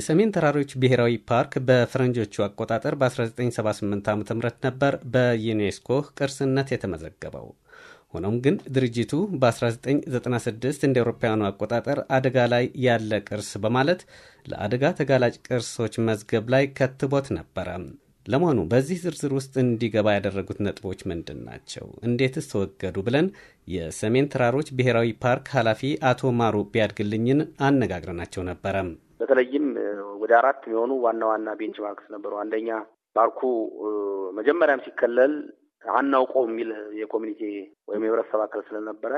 የሰሜን ተራሮች ብሔራዊ ፓርክ በፈረንጆቹ አቆጣጠር በ1978 ዓ ም ነበር በዩኔስኮ ቅርስነት የተመዘገበው። ሆኖም ግን ድርጅቱ በ1996 እንደ አውሮፓውያኑ አቆጣጠር አደጋ ላይ ያለ ቅርስ በማለት ለአደጋ ተጋላጭ ቅርሶች መዝገብ ላይ ከትቦት ነበረ። ለመሆኑ በዚህ ዝርዝር ውስጥ እንዲገባ ያደረጉት ነጥቦች ምንድን ናቸው? እንዴትስ ተወገዱ? ብለን የሰሜን ተራሮች ብሔራዊ ፓርክ ኃላፊ አቶ ማሩ ቢያድግልኝን አነጋግረናቸው ነበረ። በተለይም ወደ አራት የሚሆኑ ዋና ዋና ቤንች ማርክስ ነበሩ። አንደኛ ፓርኩ መጀመሪያም ሲከለል አናውቀው የሚል የኮሚኒቲ ወይም የህብረተሰብ አካል ስለነበረ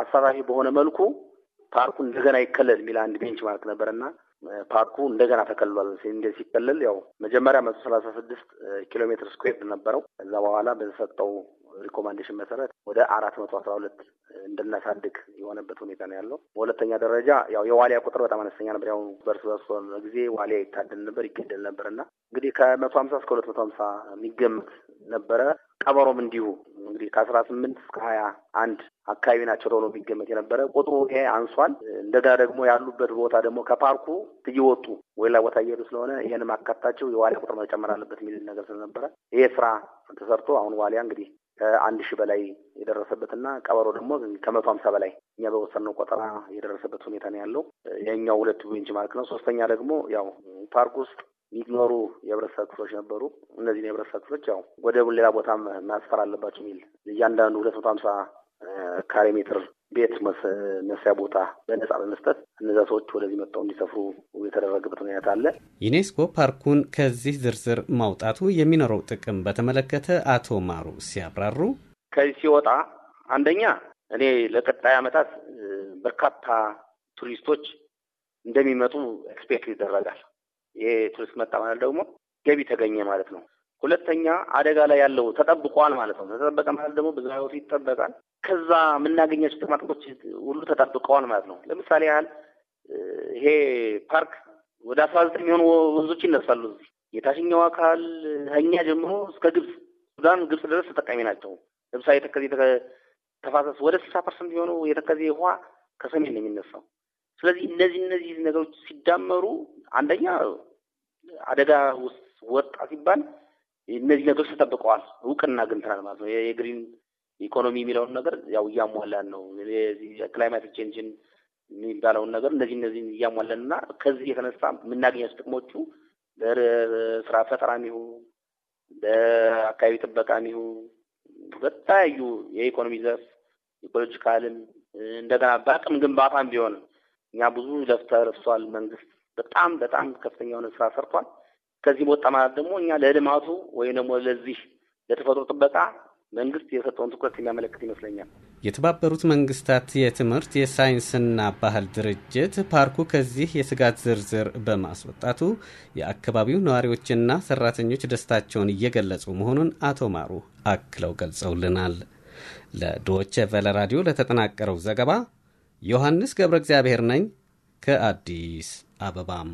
አሳታፊ በሆነ መልኩ ፓርኩ እንደገና ይከለል የሚል አንድ ቤንች ማርክ ነበረና ፓርኩ እንደገና ተከልሏል። እንደ ሲከለል ያው መጀመሪያ መቶ ሰላሳ ስድስት ኪሎ ሜትር ስኩዌር ነበረው። ከዛ በኋላ በተሰጠው ሪኮማንዴሽን መሰረት ወደ አራት መቶ አስራ ሁለት እንድናሳድግ የሆነበት ሁኔታ ነው ያለው። በሁለተኛ ደረጃ ያው የዋሊያ ቁጥር በጣም አነስተኛ ነበር። ያው በርስ በርሶ ጊዜ ዋሊያ ይታደል ነበር፣ ይገደል ነበር እና እንግዲህ ከመቶ ሀምሳ እስከ ሁለት መቶ ሀምሳ የሚገመት ነበረ። ቀበሮም እንዲሁ እንግዲህ ከአስራ ስምንት እስከ ሀያ አንድ አካባቢ ናቸው ተብሎ የሚገመት የነበረ ቁጥሩ ይሄ አንሷል። እንደገና ደግሞ ያሉበት ቦታ ደግሞ ከፓርኩ እየወጡ ወይላ ቦታ እየሄዱ ስለሆነ ይህንም አካታቸው የዋሊያ ቁጥር መጨመር አለበት የሚል ነገር ስለነበረ ይሄ ስራ ተሰርቶ አሁን ዋሊያ እንግዲህ ከአንድ ሺህ በላይ የደረሰበትና ቀበሮ ደግሞ ከመቶ ሀምሳ በላይ እኛ በወሰነው ቆጠራ የደረሰበት ሁኔታ ነው ያለው። የኛው ሁለቱ ቤንች ማርክ ነው። ሶስተኛ ደግሞ ያው ፓርክ ውስጥ የሚኖሩ የህብረተሰብ ክፍሎች ነበሩ። እነዚህ የህብረተሰብ ክፍሎች ያው ወደ ሌላ ቦታም ማስፈር አለባቸው የሚል እያንዳንዱ ሁለት መቶ ሀምሳ ካሬ ሜትር ቤት መስሪያ ቦታ በነጻ በመስጠት እነዛ ሰዎች ወደዚህ መጥተው እንዲሰፍሩ የተደረገበት ሁኔታ አለ። ዩኔስኮ ፓርኩን ከዚህ ዝርዝር ማውጣቱ የሚኖረው ጥቅም በተመለከተ አቶ ማሩ ሲያብራሩ ከዚህ ሲወጣ አንደኛ እኔ ለቀጣይ ዓመታት በርካታ ቱሪስቶች እንደሚመጡ ኤክስፔክት ይደረጋል። ይሄ ቱሪስት መጣ ማለት ደግሞ ገቢ ተገኘ ማለት ነው። ሁለተኛ አደጋ ላይ ያለው ተጠብቋል ማለት ነው። ተጠበቀ ማለት ደግሞ ብዙ ህይወት ይጠበቃል። ከዛ የምናገኛቸው ጥቅማ ሁሉ ተጠብቀዋል ማለት ነው። ለምሳሌ ያህል ይሄ ፓርክ ወደ አስራ ዘጠኝ የሚሆኑ ወንዞች ይነሳሉ። እዚህ የታችኛው አካል ከእኛ ጀምሮ እስከ ግብጽ፣ ሱዳን፣ ግብጽ ድረስ ተጠቃሚ ናቸው። ለምሳሌ የተከዜ ተፋሰስ ወደ ስልሳ ፐርሰንት የሆኑ የተከዜ ውሃ ከሰሜን ነው የሚነሳው። ስለዚህ እነዚህ እነዚህ ነገሮች ሲዳመሩ አንደኛ አደጋ ውስጥ ወጣ ሲባል እነዚህ ነገሮች ተጠብቀዋል። እውቅና አግኝተናል ማለት ነው። የግሪን ኢኮኖሚ የሚለውን ነገር ያው እያሟላን ነው። ክላይማት ቼንጅን የሚባለውን ነገር እነዚህ እነዚህ እያሟላን እና ከዚህ የተነሳ የምናገኛቸው ጥቅሞቹ ለስራ ፈጠራ ሚሁ ለአካባቢ ጥበቃ ሚሁ በተለያዩ የኢኮኖሚ ዘርፍ ኢኮሎጂካልም እንደገና በአቅም ግንባታም ቢሆን እኛ ብዙ ለፍተ ለፍቷል። መንግስት በጣም በጣም ከፍተኛ የሆነ ስራ ሰርቷል። ከዚህ በወጣ ማለት ደግሞ እኛ ለልማቱ ወይም ደግሞ ለዚህ ለተፈጥሮ ጥበቃ መንግስት የሰጠውን ትኩረት የሚያመለክት ይመስለኛል። የተባበሩት መንግስታት የትምህርት የሳይንስና ባህል ድርጅት ፓርኩ ከዚህ የስጋት ዝርዝር በማስወጣቱ የአካባቢው ነዋሪዎችና ሰራተኞች ደስታቸውን እየገለጹ መሆኑን አቶ ማሩ አክለው ገልጸውልናል። ለዶች ቨለ ራዲዮ ለተጠናቀረው ዘገባ ዮሐንስ ገብረ እግዚአብሔር ነኝ ከአዲስ አበባም